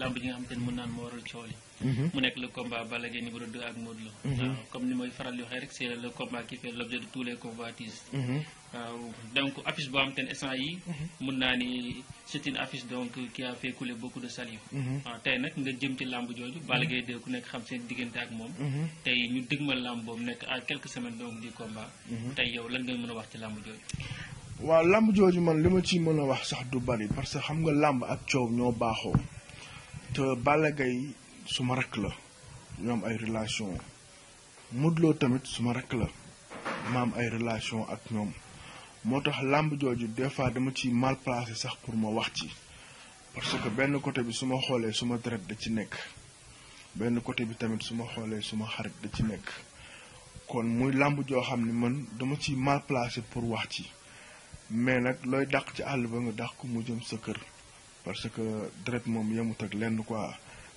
lamb ji nga xam te ne mën naan moo waral coow mhm. mu nekk le combat Balla numéro 2 ak Modou Lo mhm. waaw comme ni mooy faral di waxee rek c'est le combat qui fait l'objet de tous les convoitises mhm. waaw donc affiche boo xam te instant yi mën naa ni c'est une affiche donc qui a fait couler beaucoup de salive waaw tey nag nga jëm ci lamb jooju Balla Gaye ku nekk xam seen diggante ak moom tey ñu dëgmal lamb boobu nekk à quelques semaines donc du combat tey yow lan nga mën a wax ci lamb jooju waaw lamb jooju man li ma ci mën a wax sax du bari parce que xam nga lamb ak coow ñoo baaxoo te Balla suma rakk la ñoom ay relation Modou tamit suma rakk la ma am ay relation ak ñoom moo tax làmb jooju des fois dama ciy mal placé sax pour ma wax ci parce que benn côté bi su ma xoolee suma deret da ci nekk benn côté bi tamit su ma xoolee suma xarit da ci nekk kon muy làmb joo xam ne mën dama ciy mal placé pour wax ci mais nag looy dàq ci àll ba nga dàq ko mu jëm sa kër parce que deret moom yemut ak lenn quoi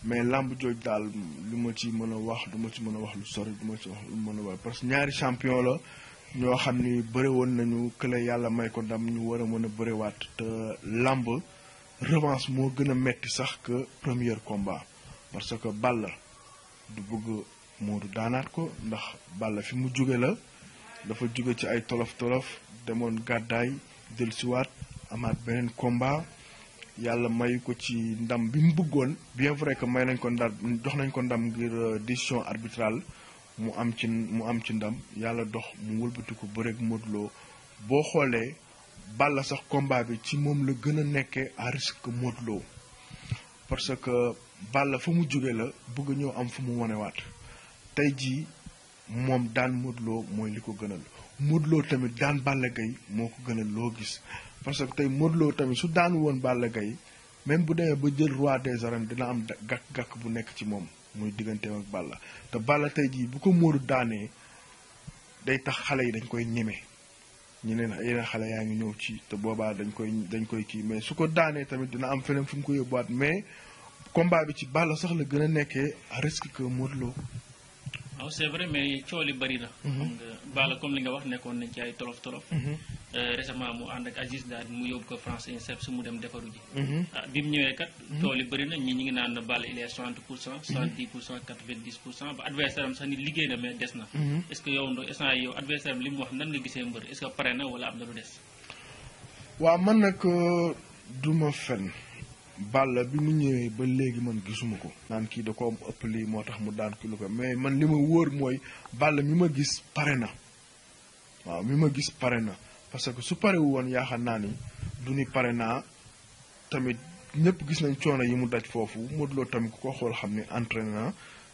mais làmb jooj daal lu ma ci mën a wax du ci mën a wax lu sori du ma ci wax mën a wax parce que ñaari champion la ñoo xam ni bëri woon nañu kële yàlla may ko ndam ñu war a mën a bëriwaat te làmb revanche moo gën a metti sax que premier combat parce que Balla du bëgg Modou daanaat ko ndax Balla fi mu jóge la dafa jóge ci ay tolof tolof demoon gàddaay jël siwaat amaat beneen combat yàlla may ko ci ndam bi mu bëggoon bien vrai que may nañ ko ndam jox nañ ko ndam ngir euh, décision arbitrale mu am ci mu am ci ndam yàlla dox mu wëlbatiku bëreeg Modou Lo boo xoolee Balla sax combat bi ci moom la gën a nekkee à risque Modou parce que Balla fu mu jóge la bëgg ñëw am fu mu wanewaat tey jii moom daan Modou Lo mooy li ko gënal Modou Lo tamit daan Balla Gaye moo ko gënal loo gis parce que tey Modou Lo tamit su daan woon Balla Gaye même bu demee ba jël roi des arènes dina am gàkk-gàkk bu nekk ci moom muy digganteem ak Balla te Balla tey jii bu ko Modou daanee day tax xale yi dañ koy ñeme ñu ne yeneen xale yaa ngi ñëw ci te boobaa dañ koy dañ koy kii mais su ko daanee tamit dina am feneen fu mu ko yóbbuwaat mais combat bi ci Balla sax la gën a nekkee risque que Modou waaw oh, c' mais cool yi bëri na. Mhm. comme li nga wax nekkoon nañ ci ay tolof tolof. Mhm. Euh, récemment mu ànd ak Aziz daal mu yóbbu ko France INSEP su mu dem defaru ji. Mhm. Ah, bi mu ñëwee kat. tool yi ñu ngi naan na Balla il est pour cent. soixante dix pour cent quatre vingt dix pour cent ba adversaire sax ni liggéey na mais des na. est que yow ndo instant yow adversaire am li mu wax nan nga gisee mbër est ce que pare na wala am na lu des. Euh, ma fen Balla bi mu ñëwee ba léegi man gisuma ko naan kii da ko am ëpp lii moo tax mu daan ki ko mais man li ma wóor mooy Balla mi ma gis pare na waaw mi ma gis pare na parce que su parewu woon yaakaar naa ni du ni pare naa tamit ñëpp gis nañ coono yi mu daj foofu Modou Lo tamit ku ko xool xam ne entraîné na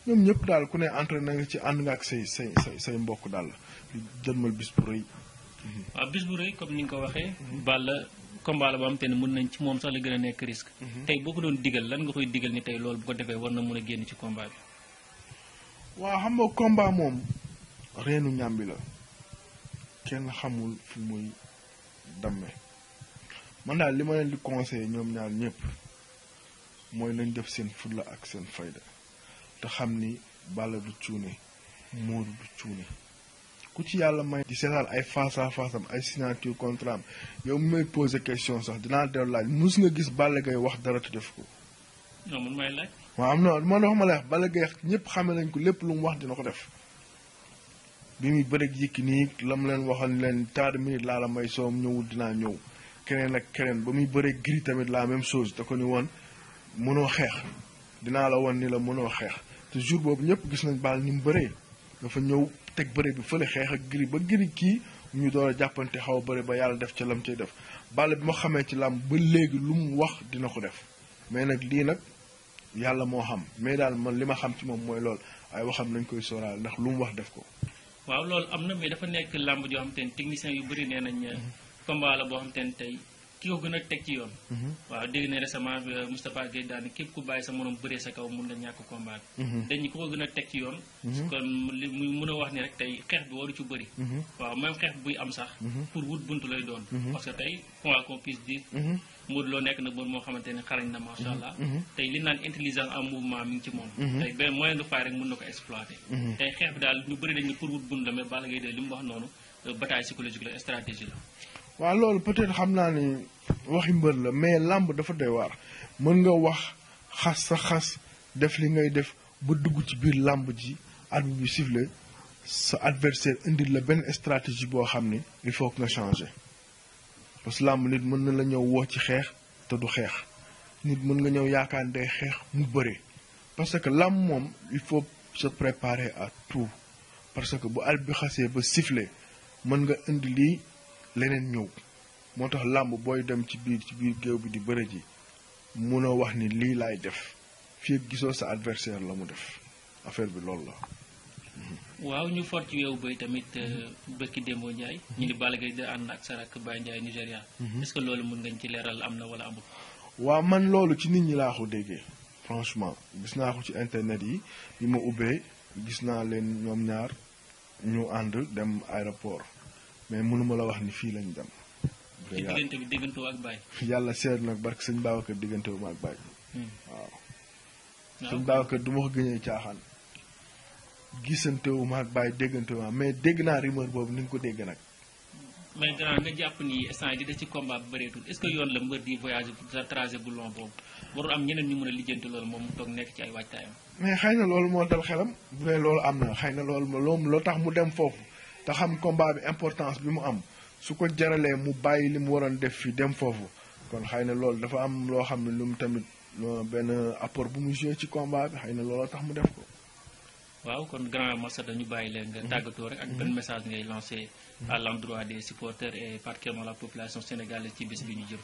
ñoom ñëpp daal ku ne entraîné nga ci ànd nga ak say say say mbokk daal jëlmal bis bu rëy. waaw bis bu rëy comme ni nga ko waxee. Mm-hmm. Balla combat la ba am te ne nañ ci moom sax la gën a nekk risque. Mhm. tey boo ko doon digal lan nga koy digal ni tey loolu bu ko defee war na mën a génn ci combat bi. waaw xam nga moom. reenu ñàmbi la. kenn xamul fi muy damme man daal li ma di conseillé ñoom ñaar ñëpp mooy nañ def seen fulla ak seen fayda te xam ni Balla du cuune Modou du cuune. ku ci yàlla may di seetaan ay face à face am ay signature contrat yow mu may poser question sax dinaa dellu laaj mus nga gis Balla Gaye wax dara te def ko. non man may laaj. am na man wax ma la wax Balla Gaye ñëpp xame nañ ko lépp lu mu wax dina ko def bi muy bëreeg yëkki nii la mu leen waxal leen tas de laa la may soom ñëwul dinaa ñëw keneen ak keneen ba muy bëreeg giri tamit la même chose te ko ni woon mënoo xeex dinaa la woon ni la mënoo xeex te jour boobu ñëpp gis nañ baal ni mu bëree teg bëre bi fële xeex ak giri ba giri kii ñu door a jàppante xaw a bëre ba yàlla def ca lam cay def Balla bi ma xamee ci làmb ba léegi lu mu wax dina ko def mais nag lii nag yàlla moo xam mais daal man li ma xam ci moom mooy lool ay waxam nañ koy sóoraale ndax lu mu wax def ko. waaw loolu am na mais dafa nekk làmb joo xam te ne technicien yu bëri nee nañ mhm. combat la boo xam te tey. ki ko gën a teg ci yoon. Mhm. waaw dégg na récemment euh, Moustapha Guèye daal ne képp ku bàyyi sa morom bëree sa kaw mun la ñàkk combat. Mhm. dañu ku ko gën a teg ci yoon. Mhm. kon li muy mën a wax ni rek tey xeex bi waru ci bëri. waaw même xeex buy am sax. pour wut buntu lay doon. parce que tey point qu'on puisse dire. Modou Lo nekk na bon moo xamante ne xarañ na macha allah. tey li naan intelligence en mouvement mi ci moom. tey benn moyen de faire rek mun na ko exploiter. tey waaw loolu peut-être xam naa ni waxi mbër la mais làmb dafa doy waar mën nga wax xas sa xas def li ngay def ba dugg ci biir làmb ji arbitre bi siffle sa adversaire indil la benn stratégie boo xam ni il faut que nga changé parce que làmb nit mën na la ñëw woo ci xeex te du xeex nit mën nga ñëw yaakaar day xeex mu bëre parce que làmb moom il faut sa préparer à tout parce que bu arbitre xasee ba siffle mën nga indi lii leneen ñëw moo tax làmb booy dem ci biir ci biir géew bi di bëre ji wax ni lii laay def fii gisoo sa adversaire la mu def affaire bi loolu la waaw ñu fort ci yow bay tamit bëkki demo njaay ñu ni Balla di ànd ak sarak bay Njaay Nigéria mhm. est-ce que loolu ngañ ci leeral am na wala amul waaw man loolu ci nit ñi laa ko déggee franchement gis naa ko ci internet yi bi ma ubbee gis naa leen ñoom ñaar ñu ànd dem aéroport mais mënuma la wax ni fii lañu dem. diggante bi diggante wu ak baay. yàlla seet nag barke sëñ Babacar diggante wu ma ak baay. waaw ah, sëñ Babacar du ma ko gëñee caaxaan. gisante wu ma ak baay déggante wu ma mais dégg naa rumeur boobu ni ñu ko dégg nag. mais grand nga jàpp ni instant di def ci combat bu bëreetul est-ce que yoon la mbër di voyage sa trajet bu long boobu warul am ñeneen ñu mën a lijjanti loolu moom mu toog nekk ci ay waajtaayam. mais xëy na loolu moo dal xelam loolu am na xëy na loolu moom loo tax mu dem foofu. te xam combat bi importance bi mu am su ko jaralee mu bàyyi li mu waroon def fi dem foofu kon xëy na loolu dafa am loo xam ne lu mu tamit benn apport bu mu joué ci komba bi xëy na looloo tax mu def ko. waaw kon grand Massa dañu bàyyi leen nga mm-hmm. tàggatoo rek ak mm-hmm. message ngay lancé à mm-hmm. l'endroit des supporters et particulièrement la population sénégalaise ci bés bi ñu jëm.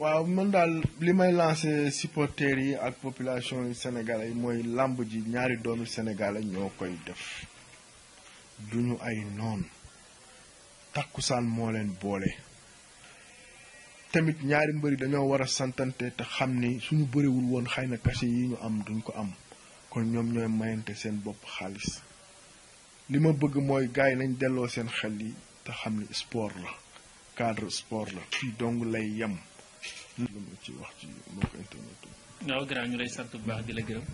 waaw man daal li may lancé supporters yi ak population sénégalaise yi mooy làmb ji ñaari doomi Sénégal ñoo koy def. duñu ay noon tàkkusaan moo leen boole tamit ñaari mbëri dañoo war a santante te xam ni suñu bëriwul woon xay na cachet yi ñu am duñ ko am kon ñoom ñooy mayante seen bopp xaalis li ma bëgg mooy gars yi nañ delloo seen xel yi te xam ni sport la cadre sport la fii dong lay yam lu ma ci wax ci mbokk grand ñu lay sant bu baax di la gërëm.